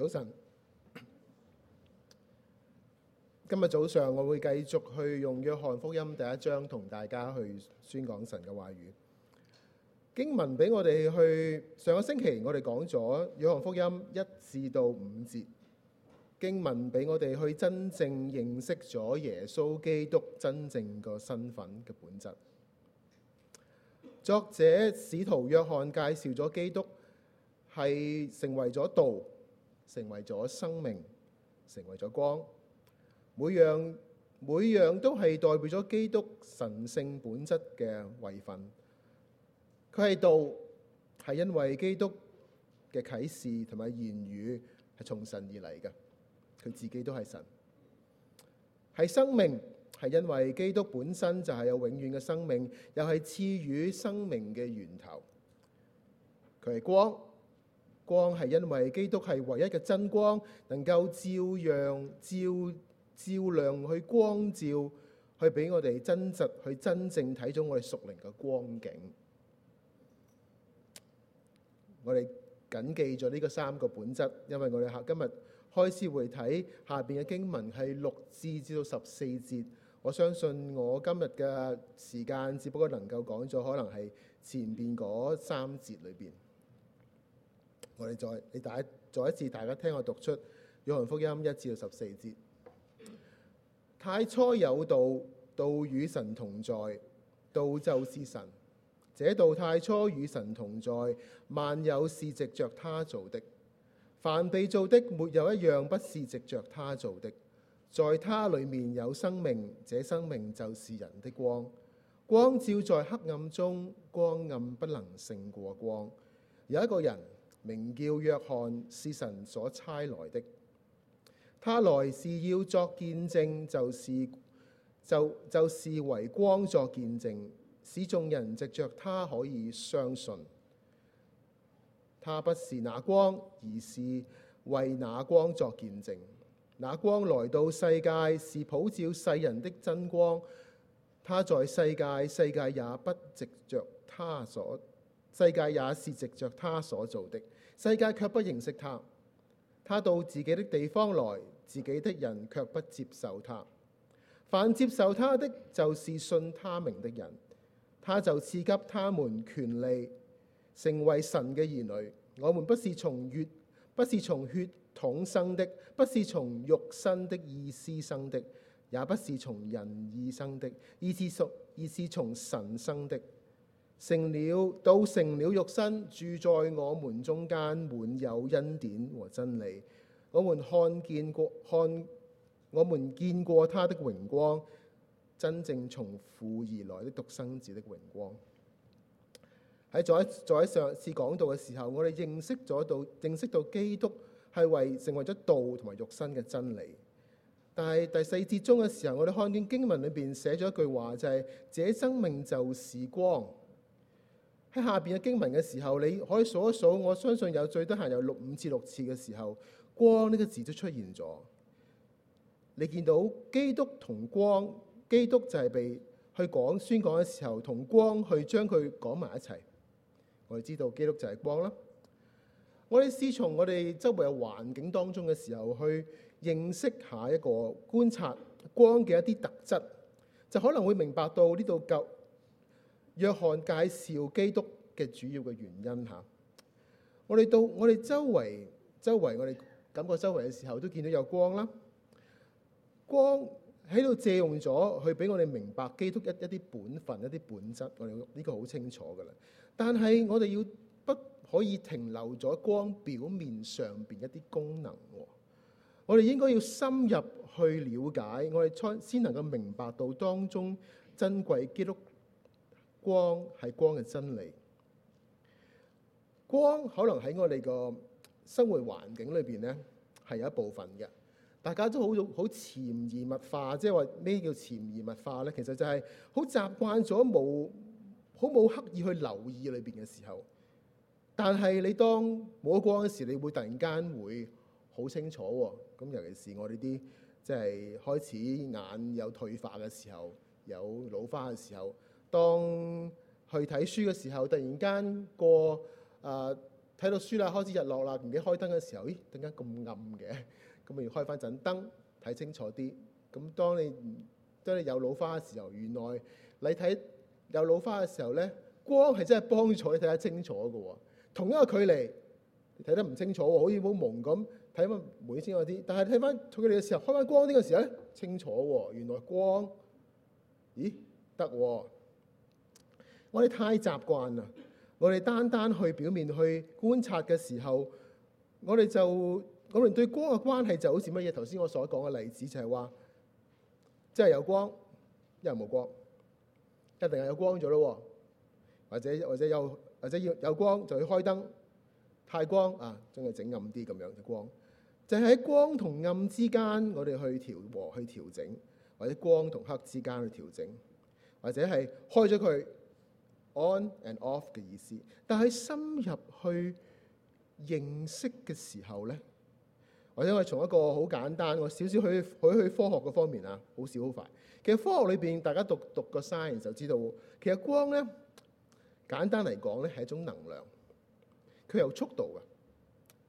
早晨，今日早上我會繼續去用《約翰福音》第一章同大家去宣講神嘅話語。經文，俾我哋去，上個星期我哋講咗《約翰福音》一至到五節經文，俾我哋去真正認識咗耶穌基督真正個身份嘅本質。作者使徒約翰介紹咗基督係成為咗道。成為咗生命，成為咗光，每樣每樣都係代表咗基督神聖本質嘅位份。佢係道，係因為基督嘅啟示同埋言語係從神而嚟嘅，佢自己都係神。係生命，係因為基督本身就係有永遠嘅生命，又係賜予生命嘅源頭。佢係光。光係因為基督係唯一嘅真光，能夠照亮照照亮去光照，去俾我哋真實去真正睇咗我哋屬靈嘅光景。我哋謹記咗呢個三個本質，因為我哋下今日開始會睇下邊嘅經文係六至至到十四節。我相信我今日嘅時間只不過能夠講咗可能係前邊嗰三節裏邊。我哋再你大再一次，大家聽我讀出《約翰福音》一至到十四節太初有道，道與神同在，道就是神。這道太初與神同在，萬有是藉著他做的。凡被做的，沒有一樣不是藉著他做的。在他裡面有生命，這生命就是人的光。光照在黑暗中，光暗不能勝過光。有一個人，名叫約翰，是神所差來的。他來是要作見證，就是就就是為光作見證，使眾人藉著他可以相信。他不是那光，而是為那光作見證。那光來到世界，是普照世人的真光。他在世界，世界也不藉著他所。世界也是藉著他所做的，世界卻不認識他。他到自己的地方來，自己的人卻不接受他。凡接受他的，就是信他名的人，他就賜給他們權利，成為神嘅兒女。我們不是從血、不是從血統生的，不是從肉身的意思生的，也不是從人意生的，而是屬，而是從神生的。成了到成了肉身，住在我們中間，滿有恩典和真理。我們看見過，看，我們見過他的榮光，真正從父而來的獨生子的榮光。喺在一喺上次講道嘅時候，我哋認識咗到認識到基督係為成為咗道同埋肉身嘅真理。但係第四節中嘅時候，我哋看見經文裏邊寫咗一句話，就係、是、這生命就是光。喺下面嘅經文嘅時候，你可以數一數，我相信有最多行有六五至六次嘅時候，光呢個字都出現咗。你見到基督同光，基督就係被去講宣講嘅時候，同光去將佢講埋一齊。我哋知道基督就係光啦。我哋試從我哋周圍嘅環境當中嘅時候去認識下一個觀察光嘅一啲特質，就可能會明白到呢度夠。約翰介紹基督嘅主要嘅原因吓，我哋到我哋周圍周圍我哋感覺周圍嘅時候，都見到有光啦。光喺度借用咗去俾我哋明白基督一一啲本分、一啲本質。我哋呢個好清楚噶啦。但係我哋要不可以停留咗光表面上面一啲功能，我哋應該要深入去了解，我哋初先能夠明白到當中珍貴基督。光係光嘅真理。光可能喺我哋個生活環境裏邊咧，係有一部分嘅。大家都好好潛移默化，即係話咩叫潛移默化咧？其實就係好習慣咗冇好冇刻意去留意裏邊嘅時候。但係你當冇光嘅時，你會突然間會好清楚喎、哦。咁尤其是我哋啲即係開始眼有退化嘅時候，有老花嘅時候。當去睇書嘅時候，突然間過啊睇、呃、到書啦，開始日落啦，唔記得開燈嘅時候，咦？點解咁暗嘅？咁咪要開翻陣燈睇清楚啲。咁當你當你有老花嘅時候，原來你睇有老花嘅時候咧，光係真係幫助你睇得清楚嘅喎。同一個距離你睇得唔清楚喎，好似好朦咁睇翻唔清楚啲。但係睇翻佢哋嘅時候，開翻光呢個時候咧，清楚喎。原來光咦得喎。我哋太習慣啦！我哋單單去表面去觀察嘅時候，我哋就我哋對光嘅關係就好似乜嘢頭先我所講嘅例子就，就係話即係有光，因為冇光一定係有光咗咯，或者或者有或者要有光就要開燈，太光啊，將佢整暗啲咁樣嘅光，就係喺光同暗之間，我哋去調和去調整，或者光同黑之間去調整，或者係開咗佢。on and off 嘅意思，但係深入去認識嘅時候咧，或者我哋從一個好簡單個少少去去去科學嘅方面啊，好少好快。其實科學裏邊，大家讀讀個 science 就知道，其實光咧簡單嚟講咧係一種能量，佢有速度嘅，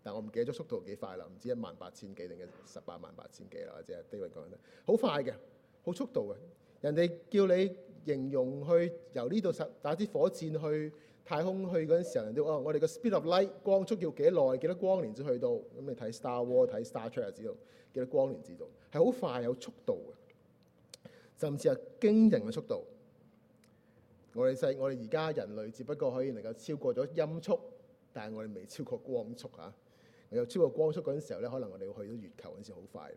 但我唔記得咗速度幾快啦，唔知一萬八千幾定係十八萬八千幾啦，或者係 David 講得好快嘅，好速度嘅，人哋叫你。形容去由呢度打支火箭去太空去嗰陣時候，人哋哦，我哋個 speed of light 光速要幾耐幾多光年至去到咁？你、嗯、睇 Star Wars 睇 Star Trek 就知道幾多光年至到係好快有速度嘅，甚至係驚人嘅速度。我哋細我哋而家人類只不過可以能夠超過咗音速，但係我哋未超過光速啊。又超過光速嗰陣時候咧，可能我哋會去到月球嗰陣時好快。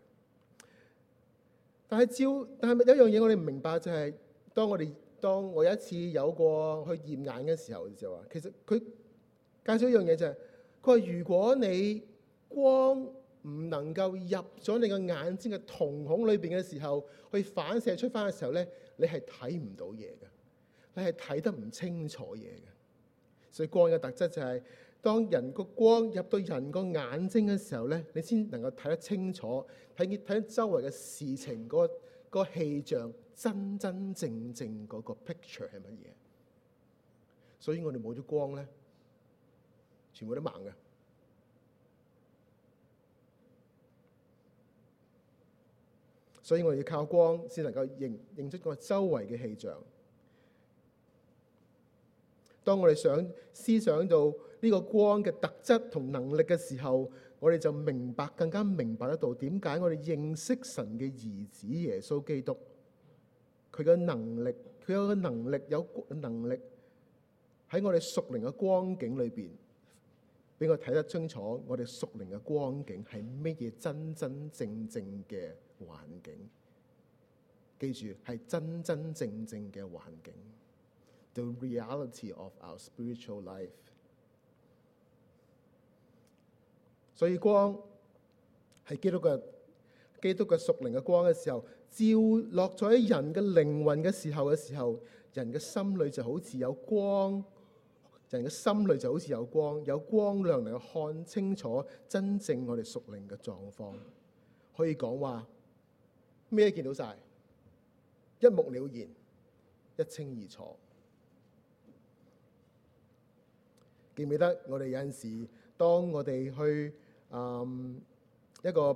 但係照但係有一樣嘢我哋唔明白就係、是。當我哋當我有一次有過去驗眼嘅時候嘅時候啊，其實佢介紹一樣嘢就係，佢話如果你光唔能夠入咗你個眼睛嘅瞳孔裏邊嘅時候，去反射出翻嘅時候咧，你係睇唔到嘢嘅，你係睇得唔清楚嘢嘅。所以光嘅特質就係，當人個光入到人個眼睛嘅時候咧，你先能夠睇得清楚，睇見睇到周圍嘅事情嗰個嗰個氣象。真真正正嗰個 picture 係乜嘢？所以我哋冇咗光呢，全部都盲嘅。所以我哋要靠光先能夠認認出嗰個周圍嘅氣象。當我哋想思想到呢個光嘅特質同能力嘅時候，我哋就明白，更加明白得到點解我哋認識神嘅兒子耶穌基督。佢嘅能力，佢有個能力，有能力喺我哋屬靈嘅光景裏邊，俾我睇得清楚，我哋屬靈嘅光景係乜嘢真真正正嘅環境。記住，係真真正正嘅環境。The reality of our spiritual life。所以光係基督嘅基督嘅屬靈嘅光嘅時候。照落咗喺人嘅靈魂嘅時候嘅時候，人嘅心裏就好似有光，人嘅心裏就好似有光，有光亮嚟看清楚真正我哋屬靈嘅狀況。可以講話咩，見到晒一目了然，一清二楚。記唔記得我哋有陣時，當我哋去嗯一個。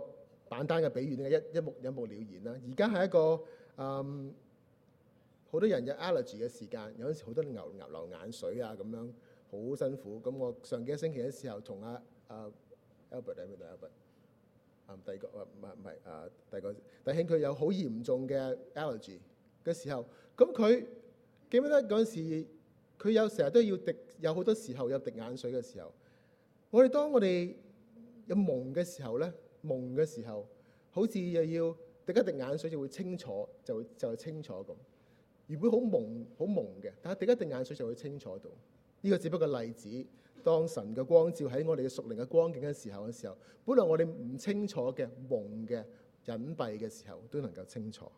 板單嘅比喻咧，一一目一目了然啦。而家係一個嗯，好多人有 allergy 嘅時間，有陣時好多牛牛流眼水啊，咁樣好辛苦。咁我上幾多星期嘅時、啊啊啊啊啊、時候，同阿阿 Albert，係邊度？Albert，啊，唔係唔係啊，第個弟兄佢有好嚴重嘅 allergy 嘅時候，咁佢記唔記得嗰陣時，佢有成日都要滴，有好多時候有滴眼水嘅時候。我哋當我哋有蒙嘅時候咧。蒙嘅時候，好似又要滴一滴眼水，就會清楚，就會就係清楚咁。原本好蒙好蒙嘅，但係滴一滴眼水就會清楚到。呢個只不過例子，當神嘅光照喺我哋嘅屬靈嘅光景嘅時候嘅時候，本來我哋唔清楚嘅、蒙嘅、隱蔽嘅時候，都能夠清楚。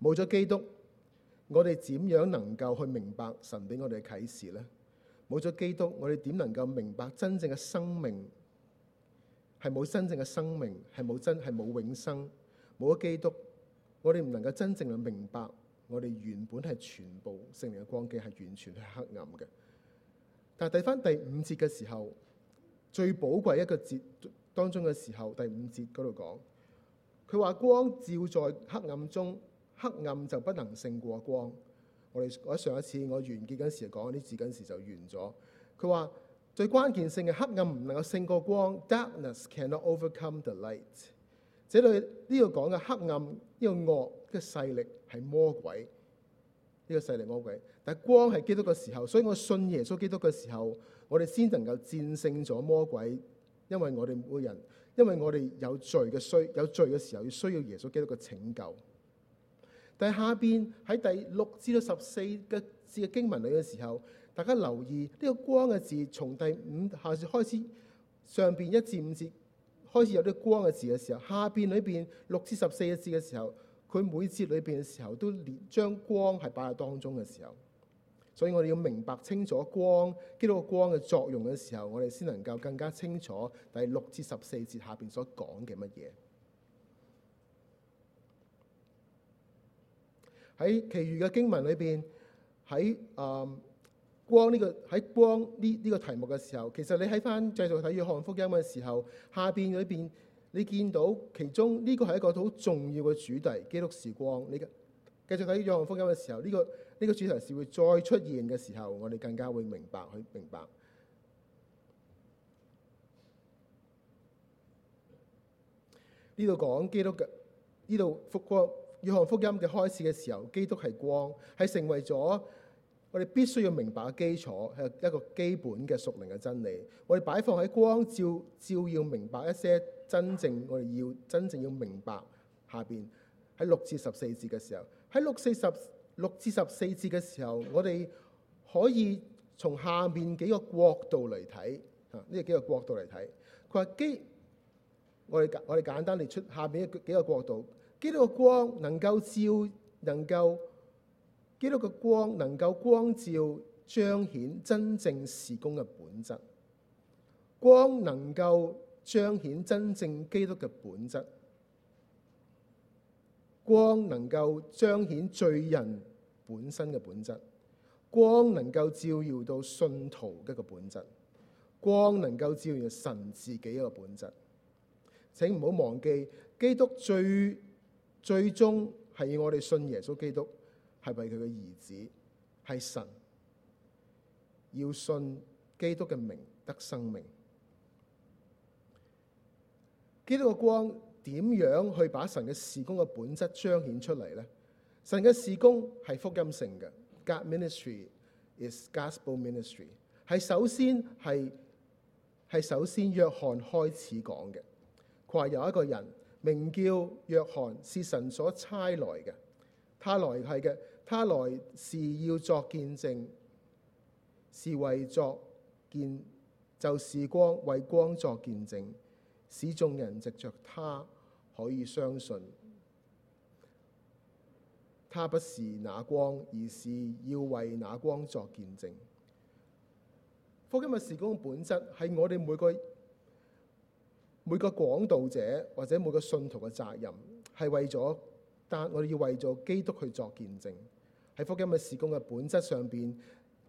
冇咗基督。我哋點樣能夠去明白神俾我哋嘅啟示咧？冇咗基督，我哋點能夠明白真正嘅生命係冇真正嘅生命，係冇真係冇永生。冇咗基督，我哋唔能夠真正去明白，我哋原本係全部聖靈嘅光景係完全係黑暗嘅。但係睇翻第五節嘅時候，最寶貴一個節當中嘅時候，第五節嗰度講，佢話光照在黑暗中，黑暗就不能勝過光。我哋喺上一次我完結嗰時講啲字嗰時就完咗。佢話最關鍵性嘅黑暗唔能夠勝過光。Darkness cannot overcome the light 這這。這裏呢個講嘅黑暗呢個惡嘅勢力係魔鬼呢、這個勢力魔鬼，但係光係基督嘅時候，所以我信耶穌基督嘅時候，我哋先能夠戰勝咗魔鬼，因為我哋每人因為我哋有罪嘅需有罪嘅時候要需要耶穌基督嘅拯救。但係下邊喺第六至到十四個字嘅經文裏嘅時候，大家留意呢個光嘅字，從第五下節開始，上邊一至五節開始有啲光嘅字嘅時候，下邊裏邊六至十四個字嘅時候，佢每節裏邊嘅時候都連將光係擺喺當中嘅時候，所以我哋要明白清楚光基督嘅光嘅作用嘅時候，我哋先能夠更加清楚第六至十四節下邊所講嘅乜嘢？喺其餘嘅經文裏邊，喺啊、呃、光呢、呢個喺光呢呢個題目嘅時候，其實你喺翻繼續睇約翰福音嘅時候，下邊裏邊你見到其中呢、呢個係一個好重要嘅主題——基督是光。你繼續睇約翰福音嘅時候，呢、呢個呢、呢個主題是會再出現嘅時候，我哋更加會明白去明白。呢度講基督嘅，呢度福光。《約翰福音》嘅開始嘅時候，基督係光，係成為咗我哋必須要明白嘅基礎，係一個基本嘅屬靈嘅真理。我哋擺放喺光照，照要明白一些真正我哋要真正要明白下邊喺六至十四節嘅時候，喺六四十六至十四節嘅時候，我哋可以從下面幾個角度嚟睇啊！呢幾個角度嚟睇，佢話基我哋我哋，簡單列出下面嘅幾個角度。基督嘅光能夠照，能夠基督嘅光能夠光照彰顯真正事工嘅本質。光能夠彰顯真正基督嘅本質。光能夠彰顯罪人本身嘅本質。光能夠照耀到信徒嘅一個本質。光能夠照耀神自己一個本質。請唔好忘記基督最。最終係要我哋信耶穌基督，係為佢嘅兒子，係神。要信基督嘅名得生命。基督嘅光點樣去把神嘅事工嘅本質彰顯出嚟咧？神嘅事工係福音性嘅，God ministry is gospel ministry。係首先係係首先約翰開始講嘅，佢話有一個人。名叫約翰，是神所差來嘅。他來係嘅，他來是要作見證，是為作見就是光為光作見證，使眾人藉着他可以相信。他不是那光，而是要為那光作見證。福音嘅時光本質係我哋每個。每個講道者或者每個信徒嘅責任係為咗，但我哋要為咗基督去作見證。喺福音嘅事工嘅本質上邊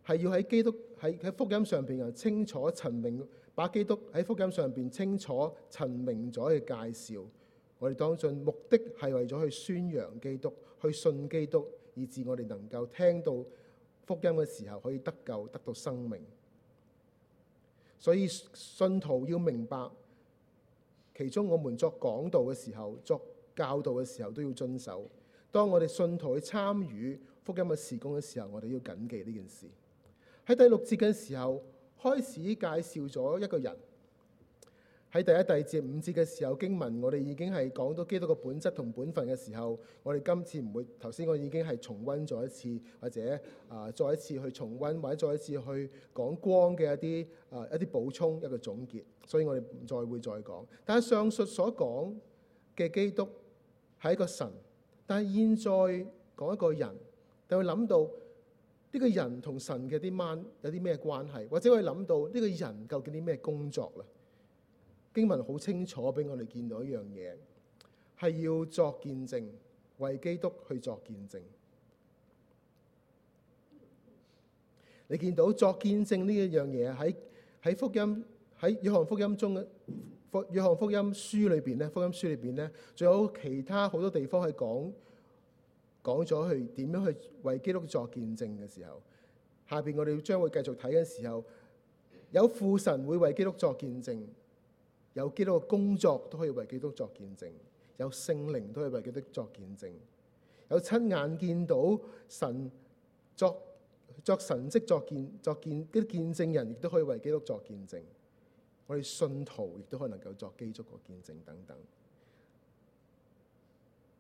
係要喺基督喺喺福音上邊又清楚陳明，把基督喺福音上邊清楚陳明咗嘅介紹。我哋當盡目的係為咗去宣揚基督，去信基督，以致我哋能夠聽到福音嘅時候可以得救，得到生命。所以信徒要明白。其中，我們作講道嘅時候、作教導嘅時候都要遵守。當我哋信徒去參與福音嘅事工嘅時候，我哋要謹記呢件事。喺第六節嘅時候，開始介紹咗一個人。喺第一、第二節五節嘅時候，經文我哋已經係講到基督嘅本質同本分嘅時候，我哋今次唔會，頭先我已經係重温咗一次，或者啊、呃，再一次去重温，或者再一次去講光嘅一啲啊、呃、一啲補充一個總結，所以我哋唔再會再講。但係上述所講嘅基督係一個神，但係現在講一個人，就會諗到呢、這個人同神嘅啲掹有啲咩關係，或者可以諗到呢、這個人究竟啲咩工作啦？經文好清楚，俾我哋見到一樣嘢，係要作見證，為基督去作見證。你見到作見證呢一樣嘢喺喺福音喺約翰福音中，福約翰福音書裏邊咧，福音書裏邊咧，仲有其他好多地方講講去講講咗去點樣去為基督作見證嘅時候。下邊我哋將會繼續睇嘅時候，有父神會為基督作見證。有基督嘅工作都可以為基督作見證，有聖靈都可以為基督作見證，有親眼見到神作作神蹟作見作見啲見證人亦都可以為基督作見證，我哋信徒亦都可以能夠作基督個見證、見證等等。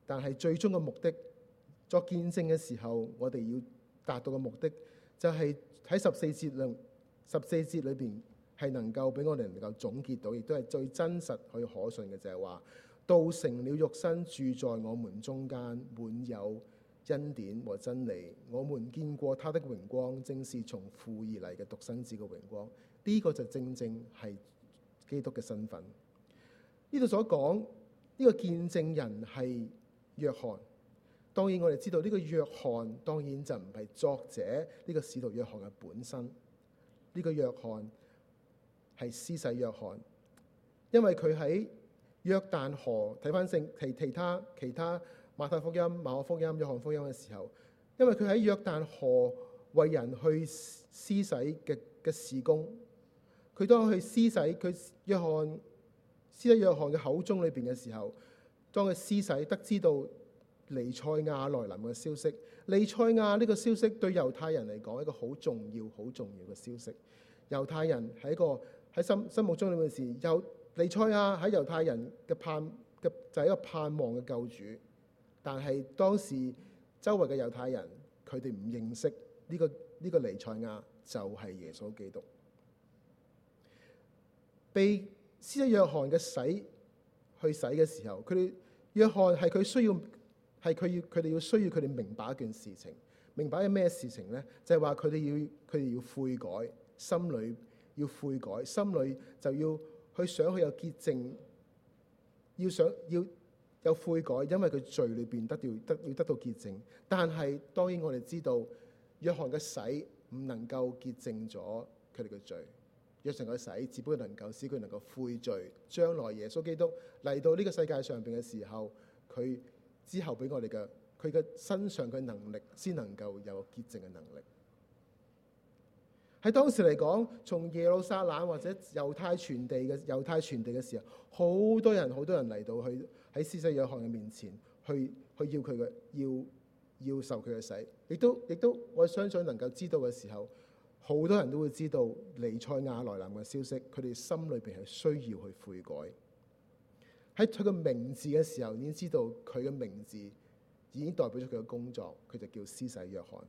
但係最終嘅目的，作見證嘅時候，我哋要達到嘅目的，就係、是、喺十,十四節裏十四節裏邊。係能夠俾我哋能夠總結到，亦都係最真實可以可信嘅，就係話，道成了肉身，住在我們中間，滿有恩典和真理。我們見過他的榮光，正是從父而嚟嘅獨生子嘅榮光。呢個就正正係基督嘅身份。呢度所講呢個見證人係約翰。當然我哋知道呢個約翰，當然就唔係作者呢個使徒約翰嘅本身。呢個約翰係施洗約翰，因為佢喺約旦河睇翻聖其其他其他馬太福音、馬可福音、約翰福音嘅時候，因為佢喺約旦河為人去施洗嘅嘅事工，佢當去施洗佢約翰施洗約翰嘅口中裏邊嘅時候，當佢施洗得知到彌賽亞來臨嘅消息，彌賽亞呢個消息對猶太人嚟講係一個好重要、好重要嘅消息，猶太人係一個。喺心心目中呢件事，有彌賽亞喺猶太人嘅盼嘅就係、是、一個盼望嘅救主，但係當時周圍嘅猶太人佢哋唔認識呢、這個呢、這個彌賽亞就係耶穌基督。被施洗約翰嘅洗去洗嘅時候，佢哋約翰係佢需要係佢要佢哋要需要佢哋明白一件事情，明白嘅咩事情咧？就係話佢哋要佢哋要悔改心裏。要悔改，心裏就要去想佢有潔淨。要想要有悔改，因為佢罪裏邊得掉得要得，得到潔淨。但係當然我哋知道，約翰嘅洗唔能夠潔淨咗佢哋嘅罪，約翰嘅洗只不過能夠使佢能夠悔罪。將來耶穌基督嚟到呢個世界上邊嘅時候，佢之後俾我哋嘅佢嘅身上嘅能，能，能力，先能夠有潔淨嘅能力。喺當時嚟講，從耶路撒冷或者猶太全地嘅猶太全地嘅時候，好多人好多人嚟到去喺施洗約翰嘅面前，去去要佢嘅要要受佢嘅洗。亦都亦都，我相信能夠知道嘅時候，好多人都會知道彌賽亞來臨嘅消息。佢哋心裏邊係需要去悔改。喺佢嘅名字嘅時候，已經知道佢嘅名字已經代表咗佢嘅工作，佢就叫施洗約翰。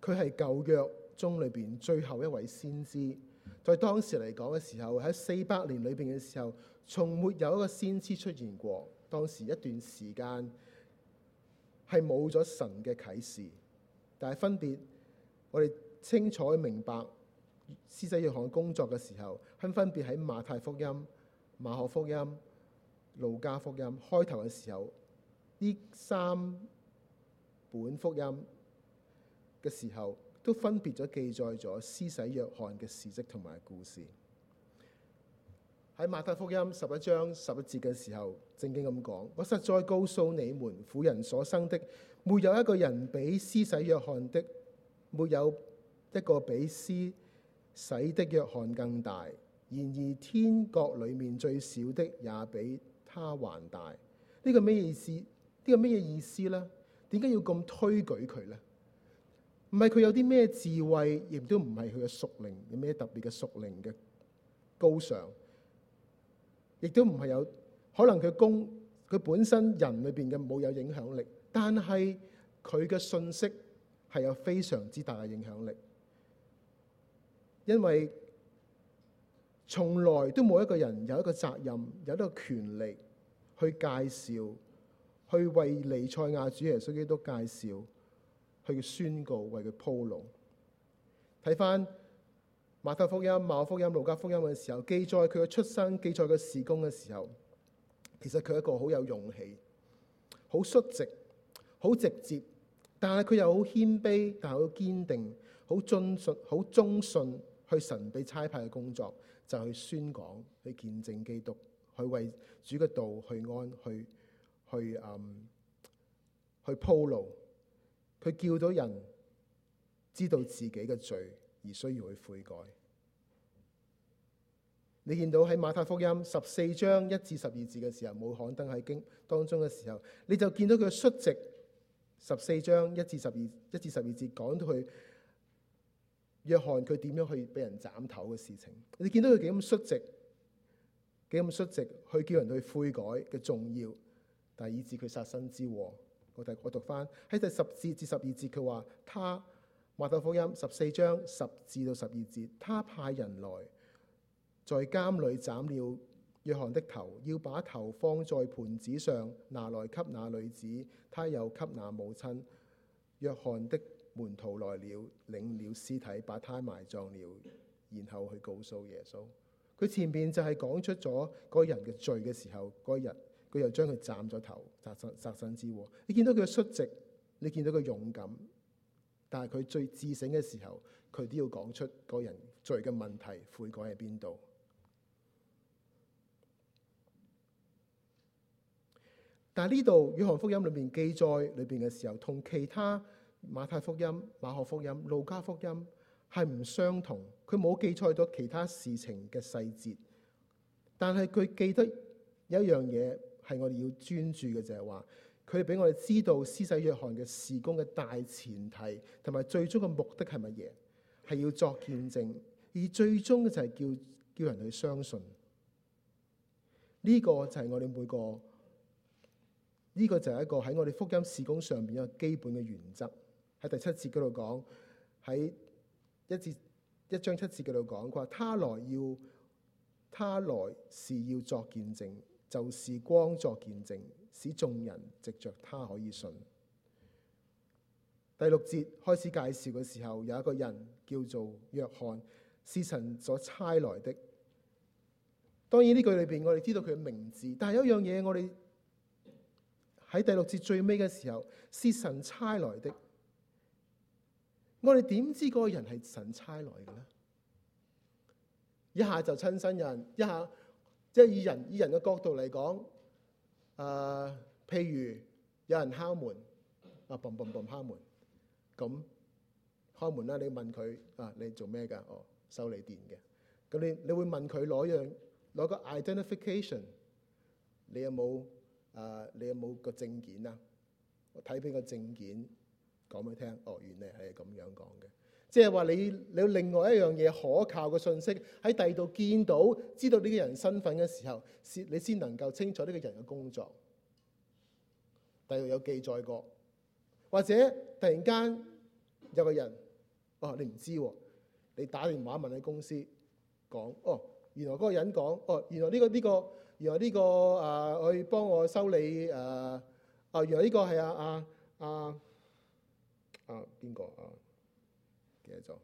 佢係舊約中裏邊最後一位先知，在當時嚟講嘅時候，喺四百年裏邊嘅時候，從沒有一個先知出現過。當時一段時間係冇咗神嘅啟示，但係分別我哋清楚明白施洗約翰工作嘅時候，係分別喺馬太福音、馬可福音、路加福音開頭嘅時候，呢三本福音嘅時候都分別咗記載咗施洗約翰嘅事蹟同埋故事。喺馬太福音十一章十一節嘅時候，正經咁講：我實在告訴你們，婦人所生的沒有一個人比施洗約翰的，沒有一個比施洗的約翰更大。然而天國裡面最小的也比他還大。呢個咩意思？呢個咩意思呢？點解要咁推舉佢呢？唔係佢有啲咩智慧，亦都唔係佢嘅屬靈，有咩特別嘅屬靈嘅高尚，亦都唔係有可能佢公佢本身人裏邊嘅冇有影響力，但係佢嘅信息係有非常之大嘅影響力，因為從來都冇一個人有一個責任，有一個權力去介紹，去為尼賽亞主耶穌基督介紹。去宣告，為佢鋪路。睇翻馬太福音、馬可福音、路加福音嘅時候，記載佢嘅出生，記載佢事工嘅時候，其實佢係一個好有勇氣、好率直、好直接，但係佢又好謙卑，但係好堅定、好遵信、好忠信去神俾差派嘅工作，就係、去宣講、去見證基督、去為主嘅道去安、去去去 um, 去鋪路。佢叫到人知道自己嘅罪而需要去悔改。你見到喺馬太福音十四章一至十二節嘅時候，冇刊登喺經當中嘅時候，你就見到佢率直，十四章一至十二一至十二節講到去約翰佢點樣去俾人斬頭嘅事情。你見到佢幾咁率直，幾咁率直去叫人去悔改嘅重要，但以致佢殺身之禍。我睇我讀翻喺第十至至十二節，佢話他馬太福音十四章十至到十二節，他派人來在監裏斬了約翰的頭，要把頭放在盤子上拿來給那女子，他又給那母親。約翰的門徒來了，領了屍體，把他埋葬了，然後去告訴耶穌。佢前面就係講出咗嗰人嘅罪嘅時候，嗰日。佢又將佢斬咗頭，殺身殺身之禍。你見到佢嘅率直，你見到佢勇敢，但係佢最自省嘅時候，佢都要講出個人罪嘅問題，悔改喺邊度？但係呢度《約翰福音》裏面記載裏邊嘅時候，同其他馬太福音、馬可福音、路加福音係唔相同。佢冇記載到其他事情嘅細節，但係佢記得有一樣嘢。係我哋要專注嘅就係、是、話，佢哋俾我哋知道施洗約翰嘅事工嘅大前提，同埋最終嘅目的係乜嘢係要作見證，而最終就係叫叫人去相信。呢、這個就係我哋每個，呢、這個就係一個喺我哋福音事工上邊一個基本嘅原則。喺第七節嗰度講，喺一節一章七節嗰度講，話，他來要，他來是要作見證。就是光作見證，使眾人藉著他可以信。第六節開始介紹嘅時候，有一個人叫做約翰，是神所差來的。當然呢句裏邊，我哋知道佢嘅名字，但係有一樣嘢，我哋喺第六節最尾嘅時候，是神差來的。我哋點知嗰個人係神差來嘅咧？一下就親身人，一下。即係以人以人嘅角度嚟講，誒，譬如有人敲門，啊，砰砰砰敲門，咁開門啦，你問佢啊，你做咩㗎？哦，修理電嘅，咁你你會問佢攞樣攞個 identification，你有冇誒？你有冇個證件啊？我睇俾個證件，講俾佢聽，哦，原來係咁樣講嘅。即係話你，你有另外一樣嘢可靠嘅信息，喺第二度見到知道呢個人身份嘅時候，先你先能夠清楚呢個人嘅工作。第度有記載過，或者突然間有個人，哦你唔知喎，你打電話問你公司講，哦原來嗰個人講，哦原來呢個呢個原來呢個啊去、呃、幫我修理誒、呃呃，啊原來呢個係啊啊啊啊邊個啊？啊啊記得咗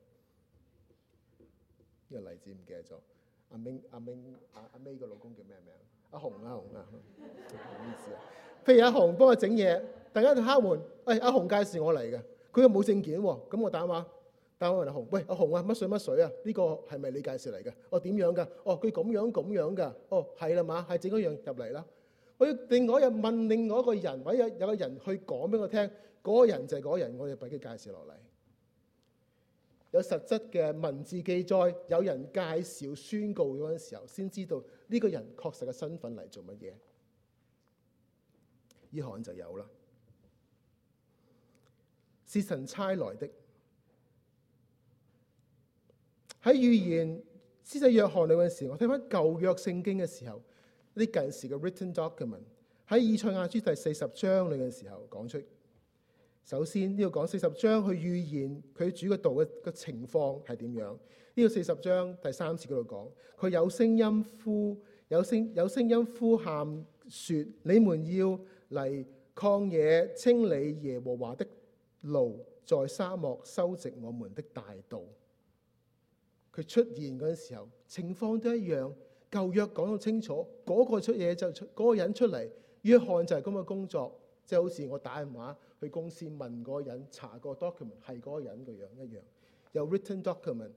呢個例子唔記得咗？阿明阿明阿阿 May 個老公叫咩名？阿紅阿紅啊，唔好意思啊。譬如阿紅幫我整嘢，突然間敲門，喂，阿紅介紹我嚟嘅，佢又冇證件喎，咁我打電話，打電話阿紅，喂，阿紅啊，乜水乜水啊？呢個係咪你介紹嚟嘅？哦點樣噶？哦佢咁樣咁樣噶？哦係啦嘛，係整嗰樣入嚟啦。我要另外又問另外一個人，或者有個人去講俾我聽，嗰個人就係嗰個人，我就俾佢介紹落嚟。有實質嘅文字記載，有人介紹、宣告嗰陣時候，先知道呢個人確實嘅身份嚟做乜嘢。約翰就有啦，是神差來的。喺預言施洗約翰嚟嘅時候，我睇翻舊約聖經嘅時候，呢近時嘅 written document 喺以賽亞書第四十章嚟嘅時候講出。首先呢度講四十章去預言佢主嘅道嘅個情況係點樣？呢個四十章第三次嗰度講，佢有聲音呼，有聲有聲音呼喊說，説你們要嚟曠野清理耶和華的路，在沙漠修直我們的大道。佢出現嗰陣時候，情況都一樣。舊約講到清楚，嗰、那個出嘢就嗰個人出嚟，約翰就係咁嘅工作，即、就、係、是、好似我打電話。去公司問嗰人，查 document，個 document 係嗰人個樣一樣，又 written document。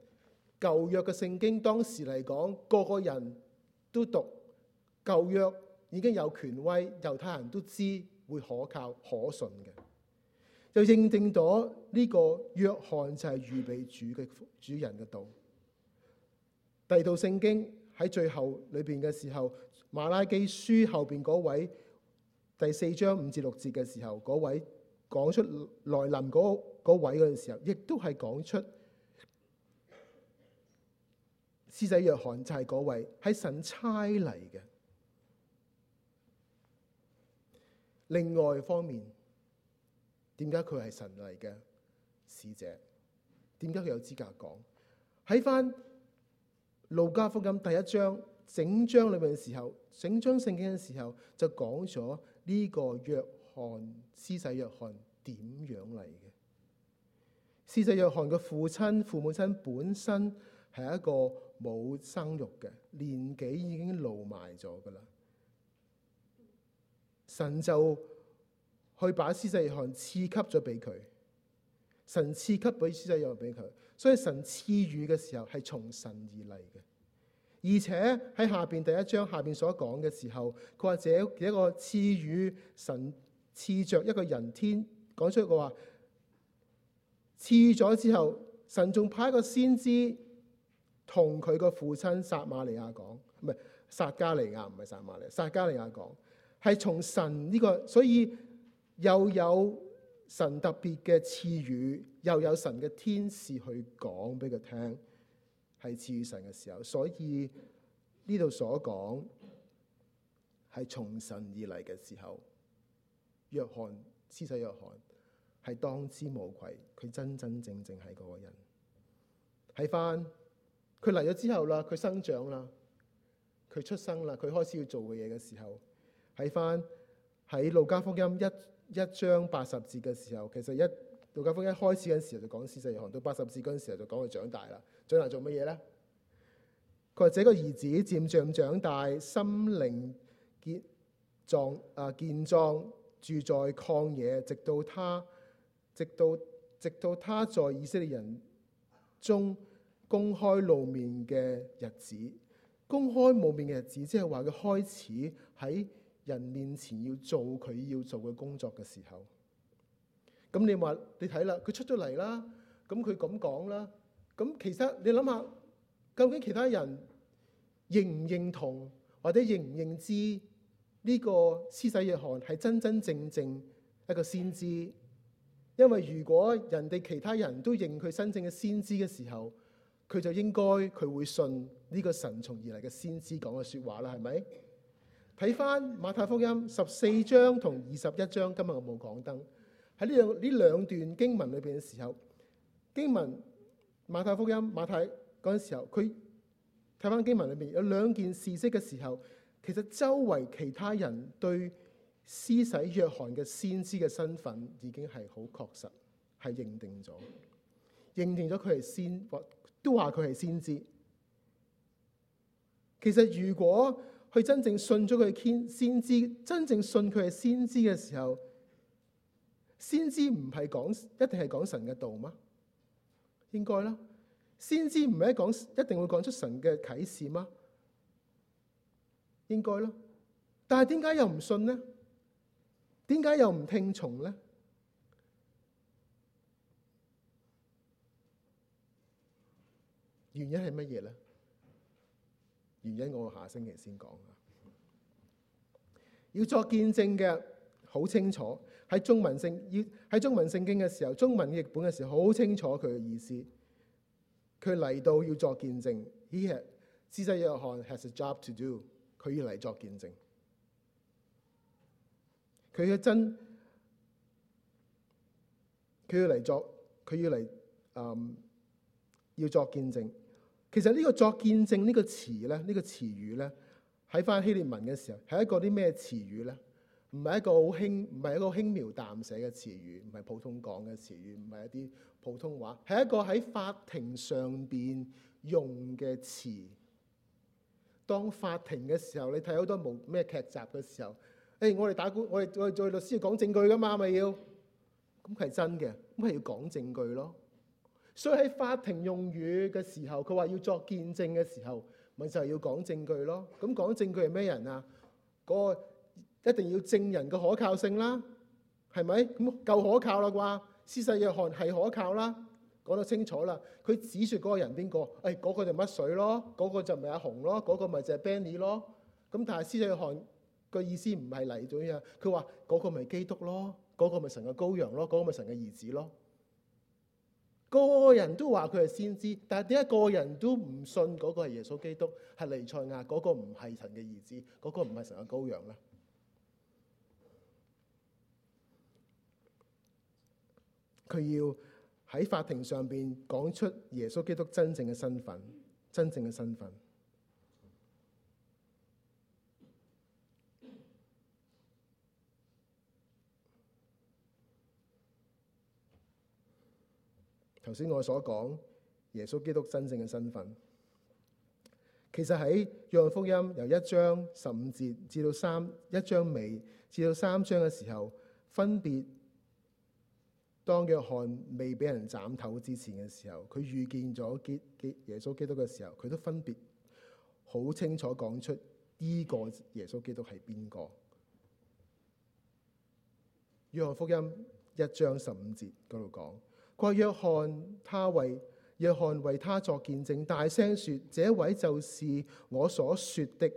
舊約嘅聖經當時嚟講，個個人都讀舊約已經有權威，猶太人都知會可靠可信嘅，就認定咗呢個約翰就係預備主嘅主人嘅道。第二道聖經喺最後裏邊嘅時候，馬拉基書後邊嗰位第四章五至六節嘅時候嗰位。講出來臨嗰、那個、位嗰陣時候，亦都係講出施 洗約翰就係嗰位，係神差嚟嘅。另外方面，點解佢係神嚟嘅使者？點解佢有資格講？喺翻路加福音第一章整章裏面嘅時候，整章聖經嘅時候就講咗呢個約。按施洗約翰點樣嚟嘅？施洗約翰嘅父親父母親本身係一個冇生育嘅，年紀已經老埋咗噶啦。神就去把施洗約翰賜給咗俾佢，神賜給俾施洗約翰俾佢，所以神賜予嘅時候係從神而嚟嘅。而且喺下邊第一章下邊所講嘅時候，佢話這一個賜予神。刺着一個人天，講出一個話，賜咗之後，神仲派一個先知同佢個父親撒瑪利亞講，唔係撒加利亞，唔係撒瑪利亞，撒加利亞講，係從神呢個，所以又有神特別嘅賜予，又有神嘅天使去講俾佢聽，係賜予神嘅時候，所以呢度所講係從神而嚟嘅時候。約翰施洗約翰係當之無愧，佢真真正正係嗰個人。睇翻佢嚟咗之後啦，佢生長啦，佢出生啦，佢開始要做嘅嘢嘅時候，睇翻喺路加福音一一章八十節嘅時候，其實一路加福音開始嗰陣時候就講施洗約翰，到八十節嗰陣時候就講佢長大啦。長大做乜嘢咧？佢話：這個兒子漸漸長大，心靈健壯、啊、健壯啊健壯。住在曠野，直到他，直到直到他在以色列人中公開露面嘅日子，公開露面嘅日子，即係話佢開始喺人面前要做佢要做嘅工作嘅時候。咁你話，你睇啦，佢出咗嚟啦，咁佢咁講啦，咁其實你諗下，究竟其他人認唔認同或者認唔認知？呢個施洗約翰係真真正正一個先知，因為如果人哋其他人都認佢真正嘅先知嘅時候，佢就應該佢會信呢個神從而嚟嘅先知講嘅説話啦，係咪？睇返馬太福音十四章同二十一章，今日我冇講燈喺呢兩呢兩段經文裏邊嘅時候，經文馬太福音馬太嗰陣時候，佢睇返經文裏面有兩件事蹟嘅時候。其實周圍其他人對施洗約翰嘅先知嘅身份已經係好確實，係認定咗，認定咗佢係先或都話佢係先知。其實如果佢真正信咗佢係先知，真正信佢係先知嘅時候，先知唔係講一定係講神嘅道嗎？應該啦，先知唔係講一定會講出神嘅啟示嗎？應該咯，但係點解又唔信呢？點解又唔聽從呢？原因係乜嘢呢？原因我下星期先講。要作見證嘅好清楚，喺中文聖，要喺中文聖經嘅時候，中文譯本嘅時候，好清楚佢嘅意思。佢嚟到要作見證，He，係施洗約翰 has a job to do。佢要嚟作見證，佢嘅真，佢要嚟作，佢要嚟，嗯，要作見證。其實呢個作見證呢個詞咧，呢個詞語咧，喺翻希臘文嘅時候係一個啲咩詞語咧？唔係一個好輕，唔係一個輕描淡寫嘅詞語，唔係普通講嘅詞語，唔係一啲普通話，係一個喺法庭上邊用嘅詞。當法庭嘅時候，你睇好多冇咩劇集嘅時候，誒、哎、我哋打官司我哋我哋做律師要講證據噶嘛，咪、就是、要？咁係真嘅，咁係要講證據咯。所以喺法庭用語嘅時候，佢話要作見證嘅時候，咪就係、是、要講證據咯。咁、嗯、講證據係咩人啊？嗰、那個、一定要證人嘅可靠性啦、啊，係咪？咁夠可靠啦啩？施洗約翰係可靠啦。講得清楚啦，佢指說嗰個人邊個？誒、哎，嗰個就乜水咯，嗰個就咪阿熊咯，嗰個咪就係 Benny 咯。咁但係施洗約翰個意思唔係嚟咗嘢，佢話嗰個咪基督咯，嗰個咪神嘅羔羊咯，嗰個咪神嘅兒子咯。個人都話佢係先知，但係點解個人都唔信嗰個係耶穌基督？係彌賽亞嗰個唔係神嘅兒子，嗰個唔係神嘅羔羊咧。佢要。喺法庭上邊講出耶穌基督真正嘅身份，真正嘅身份。頭先我所講耶穌基督真正嘅身份，其實喺約翰福音由一章十五節至到三一章尾至到三章嘅時候，分別。當約翰未俾人斬頭之前嘅時候，佢遇見咗基基耶穌基督嘅時候，佢都分別好清楚講出呢個耶穌基督係邊個。約翰福音一章十五節嗰度講：佢話，約翰他為約翰為他作見證，大聲說：這位就是我所說的，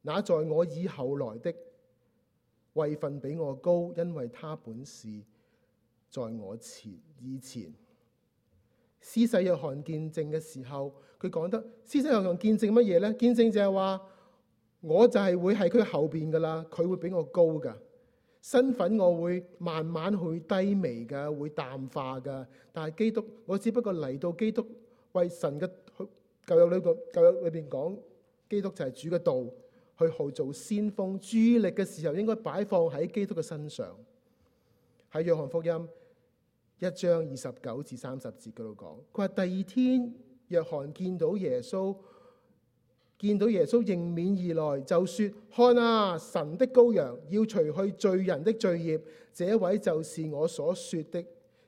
那在我以後來的，位份比我高，因為他本是。」在我前以前。施洗約翰見證嘅時候，佢講得施洗約翰見證乜嘢咧？見證就係話，我就係會喺佢後邊噶啦，佢會比我高噶，身份我會慢慢去低微噶，會淡化噶。但係基督，我只不過嚟到基督為神嘅舊約裏個舊約裏邊講，基督就係主嘅道去號做先鋒，注意力嘅時候應該擺放喺基督嘅身上，喺約翰福音。一章二十九至三十節嗰度講，佢話第二天約翰見到耶穌，見到耶穌迎面而來，就說：「看啊，神的羔羊要除去罪人的罪孽。」這位就是我所說的。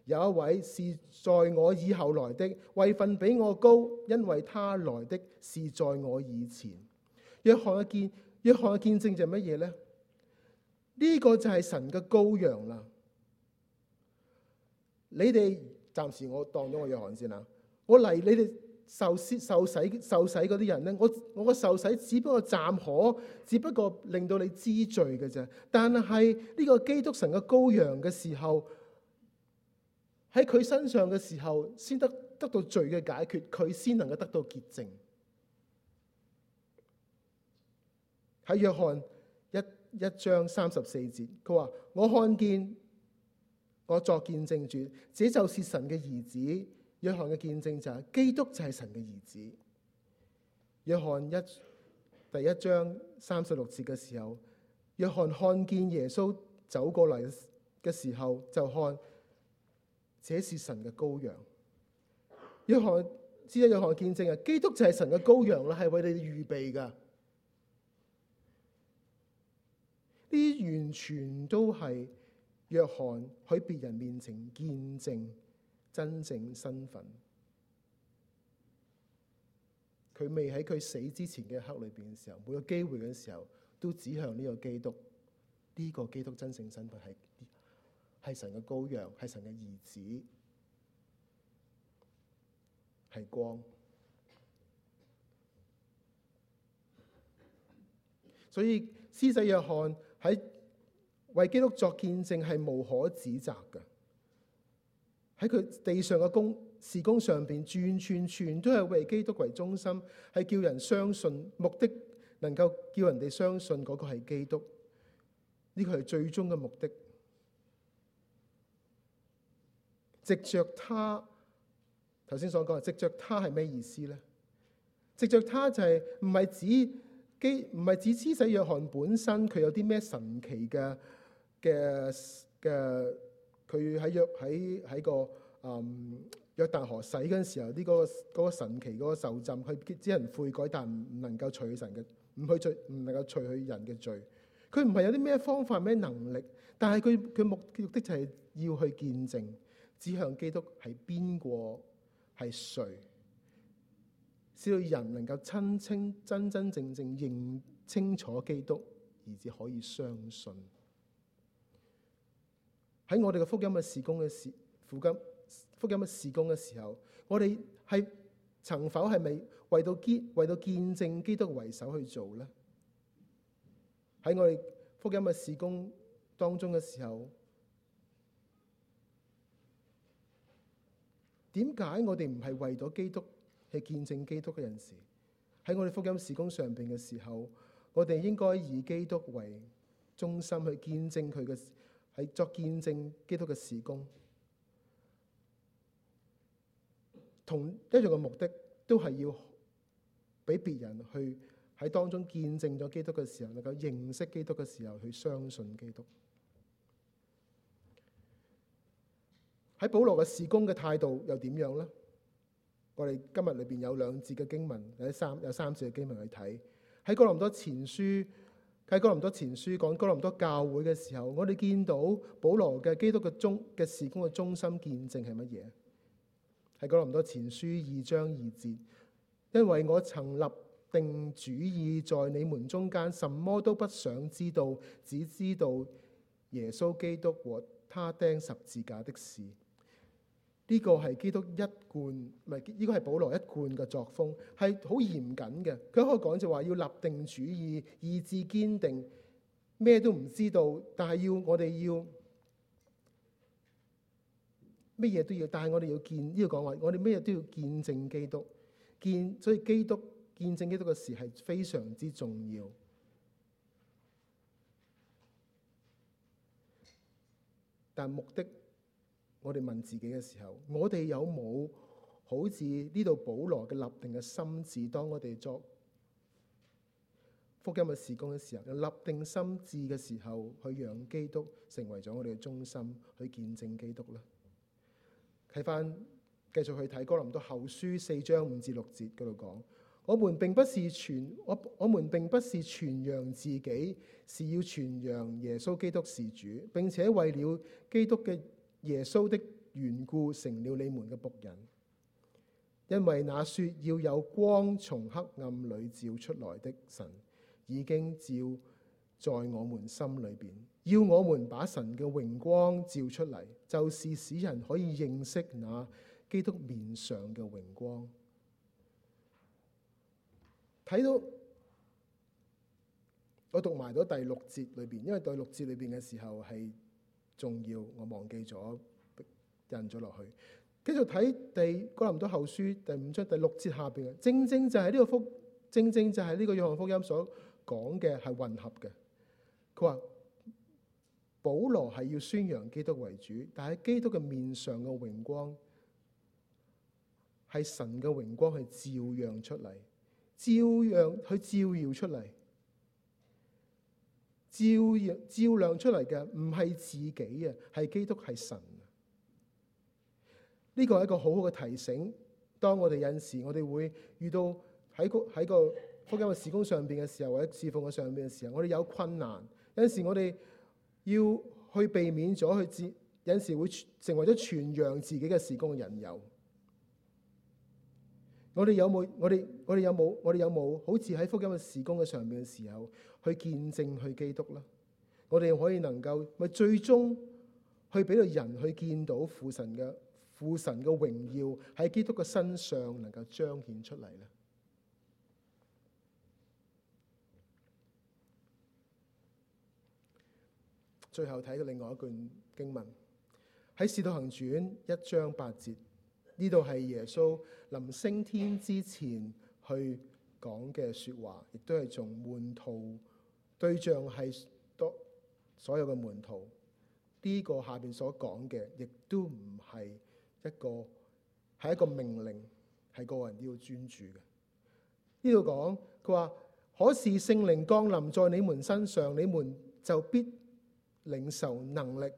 有一位是在我以後來的，位份比我高，因為他來的是在我以前。約翰嘅見，約翰見證就係乜嘢呢？呢、呢個就係神嘅羔羊啦。你哋暫時我當咗個約翰先啦。我嚟你哋受洗受洗受洗嗰啲人咧，我我個受洗只不過暫可，只不過令到你知罪嘅啫。但係呢個基督神嘅羔羊嘅時候，喺佢身上嘅時候，先得得到罪嘅解決，佢先能夠得到潔淨。喺約翰一一章三十四節，佢話：我看見。我作見證住，這就是神嘅兒子。約翰嘅見證就係，基督就係神嘅兒子。約翰一第一章三十六節嘅時候，約翰看見耶穌走過嚟嘅時候，就看這是神嘅羔羊。約翰，是啊，約翰見證啊，基督就係神嘅羔羊啦，係為你哋預備噶。呢完全都係。約翰喺別人面前見證真正身份，佢未喺佢死之前嘅一刻裏邊嘅時候，每個機會嘅時候都指向呢個基督，呢個基督真正身份係係神嘅羔羊，係神嘅兒子，係光。所以，施洗約翰喺。為基督作見證係無可指責嘅，喺佢地上嘅工事工上邊轉全全都係為基督為中心，係叫人相信目的，能夠叫人哋相信嗰個係基督，呢個係最終嘅目的。藉著他，頭先所講嘅藉著他係咩意思咧？藉著他就係唔係指基唔係指施洗約翰本身佢有啲咩神奇嘅？嘅嘅，佢喺約喺喺個嗯約旦河洗嗰陣時候，呢嗰個嗰個神奇嗰個受浸，佢只能悔改，但唔能夠除神嘅唔去除唔能夠除去人嘅罪。佢唔係有啲咩方法、咩能力，但係佢佢目的就係要去見證指向基督係邊個係誰，使到人能夠親清真真正正認清楚基督，而至可以相信。喺我哋嘅福音嘅事工嘅時，福音，福音嘅事工嘅時候，我哋係曾否係咪為到基，為到見證基督為首去做咧？喺我哋福音嘅事工當中嘅時候，點解我哋唔係為咗基督去見證基督嘅人士？喺我哋福音事工上邊嘅時候，我哋應該以基督為中心去見證佢嘅。係作見證基督嘅事工，同一樣嘅目的，都係要俾別人去喺當中見證咗基督嘅時候，能夠認識基督嘅時候，去相信基督。喺保羅嘅事工嘅態度又點樣咧？我哋今日裏邊有兩節嘅經文，有三有三節嘅經文去睇。喺哥林多前書。喺哥林多前書講哥林多教會嘅時候，我哋見到保羅嘅基督嘅中嘅事工嘅中心見證係乜嘢？喺哥林多前書二章二節，因為我曾立定主意在你們中間，什麼都不想知道，只知道耶穌基督和他釘十字架的事。呢個係基督一貫，唔係呢個係保羅一貫嘅作風，係好嚴謹嘅。佢可以講就話要立定主意，意志堅定，咩都唔知道，但係要我哋要乜嘢都要，但係我哋要見呢個講話，我哋咩嘢都要見證基督，見所以基督見證基督嘅事係非常之重要，但目的。我哋問自己嘅時候，我哋有冇好似呢度保羅嘅立定嘅心志？當我哋作福音嘅事工嘅時候，立定心志嘅時候，去讓基督成為咗我哋嘅中心，去見證基督啦。睇翻，繼續去睇哥林多後書四章五至六節嗰度講：我們並不是傳我，我們並不是傳揚自己，是要傳揚耶穌基督是主。並且為了基督嘅耶穌的緣故成了你們嘅僕人，因為那說要有光從黑暗裏照出來的神，已經照在我們心裏邊，要我們把神嘅榮光照出嚟，就是使人可以認識那基督面上嘅榮光。睇到我讀埋到第六節裏邊，因為第六節裏邊嘅時候係。重要，我忘記咗印咗落去。繼續睇《哥林多後書》第五章第六節下邊嘅，正正就係呢個福，正正就係呢個約翰福音所講嘅係混合嘅。佢話：保羅係要宣揚基督為主，但係基督嘅面上嘅榮光係神嘅榮光，係照樣出嚟，照樣去照耀出嚟。照耀照亮出嚟嘅唔係自己啊，係基督，係神啊。呢個係一個好好嘅提醒。當我哋有陣時，我哋會遇到喺個喺個福音嘅事工上邊嘅時候，或者侍奉嘅上邊嘅時候，我哋有困難。有陣時我哋要去避免咗去，至有陣時會成為咗傳揚自己嘅事工嘅人有。我哋有冇？我哋我哋有冇？我哋有冇？好似喺福音嘅事工嘅上面嘅時候，去見證去基督啦。我哋可以能夠咪最終去俾到人去見到父神嘅父神嘅榮耀喺基督嘅身上能夠彰顯出嚟咧。最後睇到另外一段經文喺《使徒行傳》一章八節。呢度係耶穌臨升天之前去講嘅說話，亦都係從門徒對象係多所有嘅門徒。呢、這個下邊所講嘅，亦都唔係一個係一個命令，係個人都要專注嘅。呢度講佢話，可是聖靈降臨在你們身上，你們就必領受能力，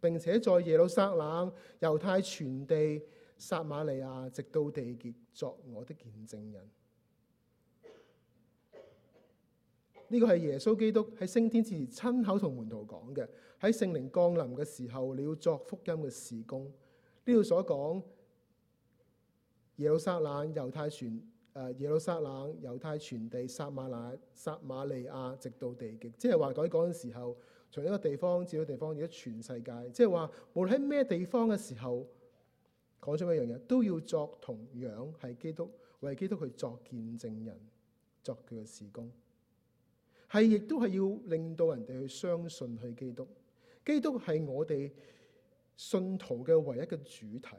並且在耶路撒冷、猶太全地，撒瑪利亞直到地極，作我的見證人。呢、這個係耶穌基督喺升天時親口同門徒講嘅。喺聖靈降臨嘅時候，你要作福音嘅事工。呢度所講耶路撒冷、猶太傳誒、呃、耶路撒冷、猶太全地、撒瑪那、撒瑪利亞，瑪利亞直到地極，即係話喺嗰陣時候從一個地方至到地方，而家全世界，即係話無論喺咩地方嘅時候。講咗一樣嘢都要作同樣係基督，為基督去作見證人，作佢嘅事工，係亦都係要令到人哋去相信去基督。基督係我哋信徒嘅唯一嘅主題，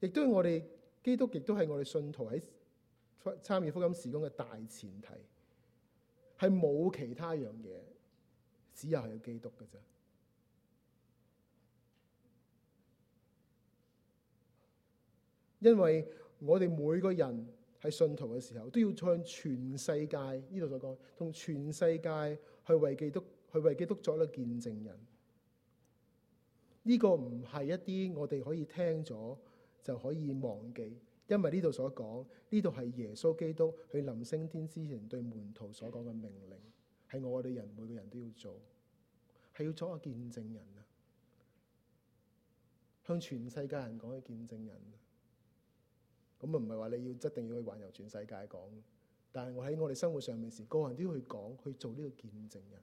亦都係我哋基督亦都係我哋信徒喺參與福音事工嘅大前提，係冇其他樣嘢，只有係基督嘅啫。因為我哋每個人喺信徒嘅時候，都要向全世界呢度所講，同全世界去為基督，去為基督做一個見證人。呢、這個唔係一啲我哋可以聽咗就可以忘記，因為呢度所講，呢度係耶穌基督去臨升天之前對門徒所講嘅命令，係我哋人每個人都要做，係要做一個見證人啊，向全世界人講嘅見證人。咁啊，唔係話你要一定要去環遊全世界講，但係我喺我哋生活上面時，個人都要去講，去做呢個見證人。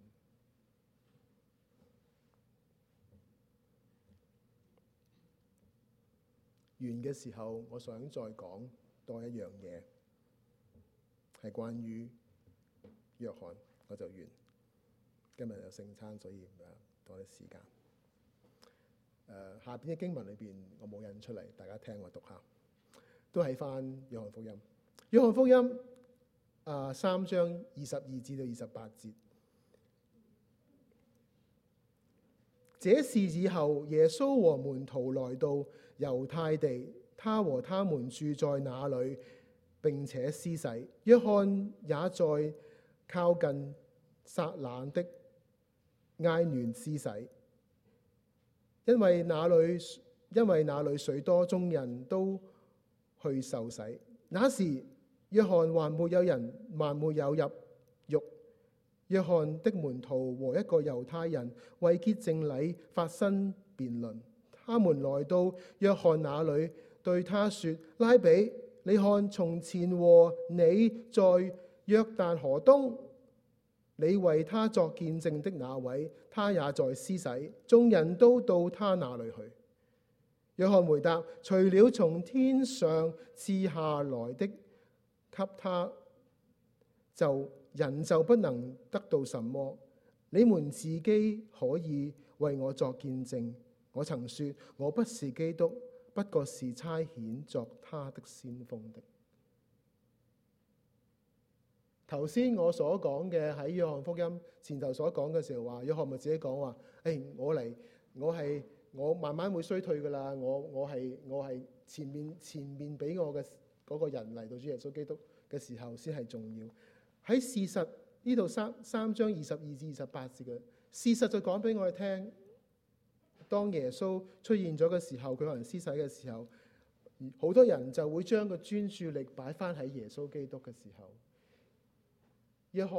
完嘅時候，我想再講多一樣嘢，係關於約翰，我就完。今日有聖餐，所以唔係多啲時間。誒、呃，下邊嘅經文裏邊，我冇印出嚟，大家聽我讀下。都喺翻《約翰福音》，《約翰福音》啊、三章二十二至到二十八節，這事以後耶穌和門徒來到猶太地，他和他們住在那裡，並且施洗。約翰也在靠近撒冷的哀嫩施洗，因為那裡因為那裡水多，眾人都。去受洗，那時約翰還沒有人，還沒有入獄。約翰的門徒和一個猶太人為潔淨禮發生辯論。他們來到約翰那裏，對他說：拉比，你看從前和你在約旦河東，你為他作見證的那位，他也在施洗，眾人都到他那裏去。約翰回答：除了從天上賜下來的給他，就人就不能得到什麼。你們自己可以為我作見證。我曾說我不是基督，不過是差遣作他的先鋒的。頭先我所講嘅喺約翰福音前頭所講嘅時候，話約翰咪自己講話：誒、哎，我嚟，我係。我慢慢會衰退噶啦，我我係我係前面前面俾我嘅嗰個人嚟到主耶穌基督嘅時候先係重要。喺事實呢度三三章二十二至二十八節嘅事實就講俾我哋聽，當耶穌出現咗嘅時候，佢可能施洗嘅時候，好多人就會將個專注力擺翻喺耶穌基督嘅時候。一看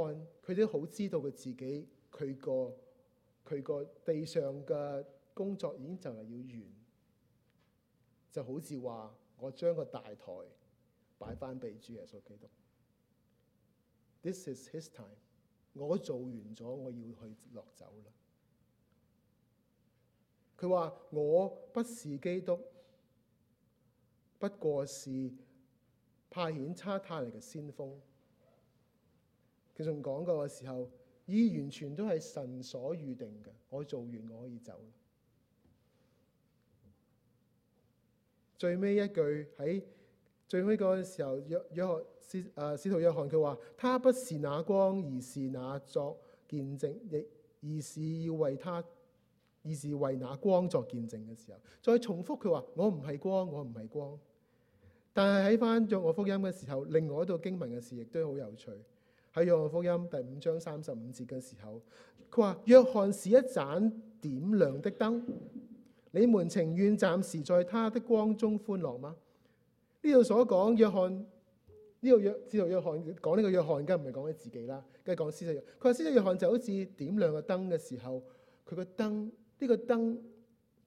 佢都好知道佢自己佢個佢個地上嘅工作已經就係要完，就好似話我將個大台擺翻俾主耶穌基督。This is His time。我做完咗，我要去落走啦。佢話我不是基督，不過是派遣差太嚟嘅先鋒。佢仲講過嘅時候，咦，完全都係神所預定嘅。我做完，我可以走。最尾一句喺最尾嗰個時候，約約翰司徒約翰佢話：他不是那光，而是那作見證，亦而，而是要為他，而是為那光作見證嘅時候。再重複佢話：我唔係光，我唔係光。但係喺返約翰福音嘅時候，另外一度經文嘅事亦都好有趣。喺《約翰福音》第五章三十五節嘅時候，佢話：約翰是一盞點亮的燈。你們情願暫時在他的光中歡樂嗎？呢度所講約翰呢度約知道約翰講呢個約翰，梗係唔係講緊自己啦？梗係講施洗約。佢話施洗約翰就好似點亮個燈嘅時候，佢個燈呢個燈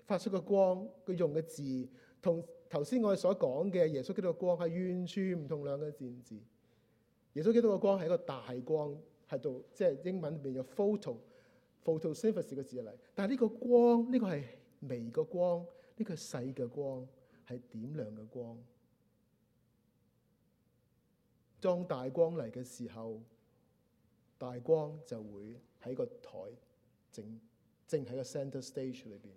發出個光，佢用嘅字同頭先我哋所講嘅耶穌基督嘅光係完全唔同兩個字。字，耶穌基督個光係一個大光，係度即係英文裏邊有 photo photosynthesis 嘅字嚟，但係呢個光呢個係。微個光，呢、這個細嘅光係點亮嘅光。當大光嚟嘅時候，大光就會喺個台正正喺個 center stage 裏邊。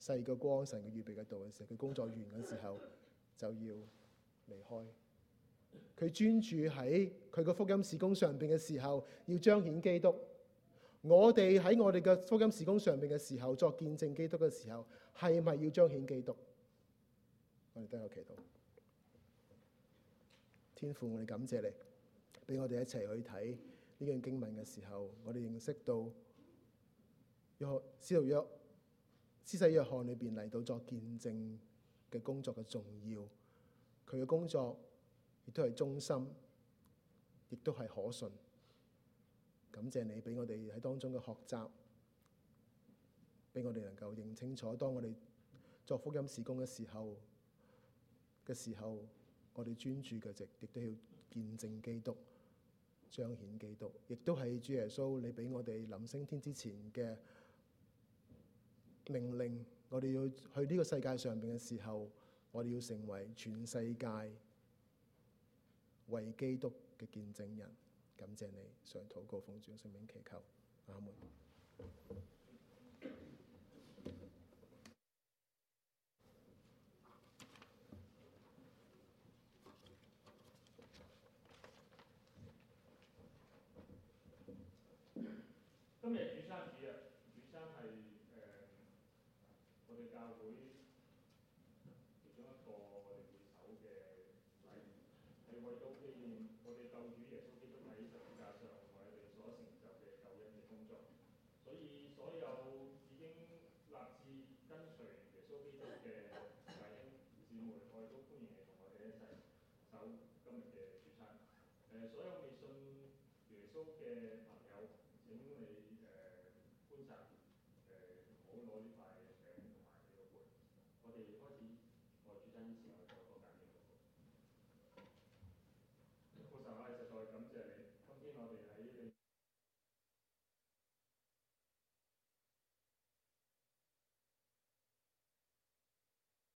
細個光神嘅預備喺度嘅時候，佢工作完嘅時候就要離開。佢專注喺佢個福音事工上邊嘅時候，要彰顯基督。我哋喺我哋嘅福音事工上邊嘅時候作見證基督嘅時候，係咪要彰顯基督？我哋都有祈禱。天父，我哋感謝你，俾我哋一齊去睇呢段經文嘅時候，我哋認識到約使徒約、使徒約翰裏邊嚟到作見證嘅工作嘅重要，佢嘅工作亦都係忠心，亦都係可信。感謝你俾我哋喺當中嘅學習，俾我哋能夠認清楚，當我哋作福音事工嘅時候嘅時候，我哋專注嘅值，亦都要見證基督，彰顯基督，亦都係主耶穌你俾我哋臨升天之前嘅命令，我哋要去呢個世界上面嘅時候，我哋要成為全世界為基督嘅見證人。感謝你，上禱告奉主聖名祈求，阿門。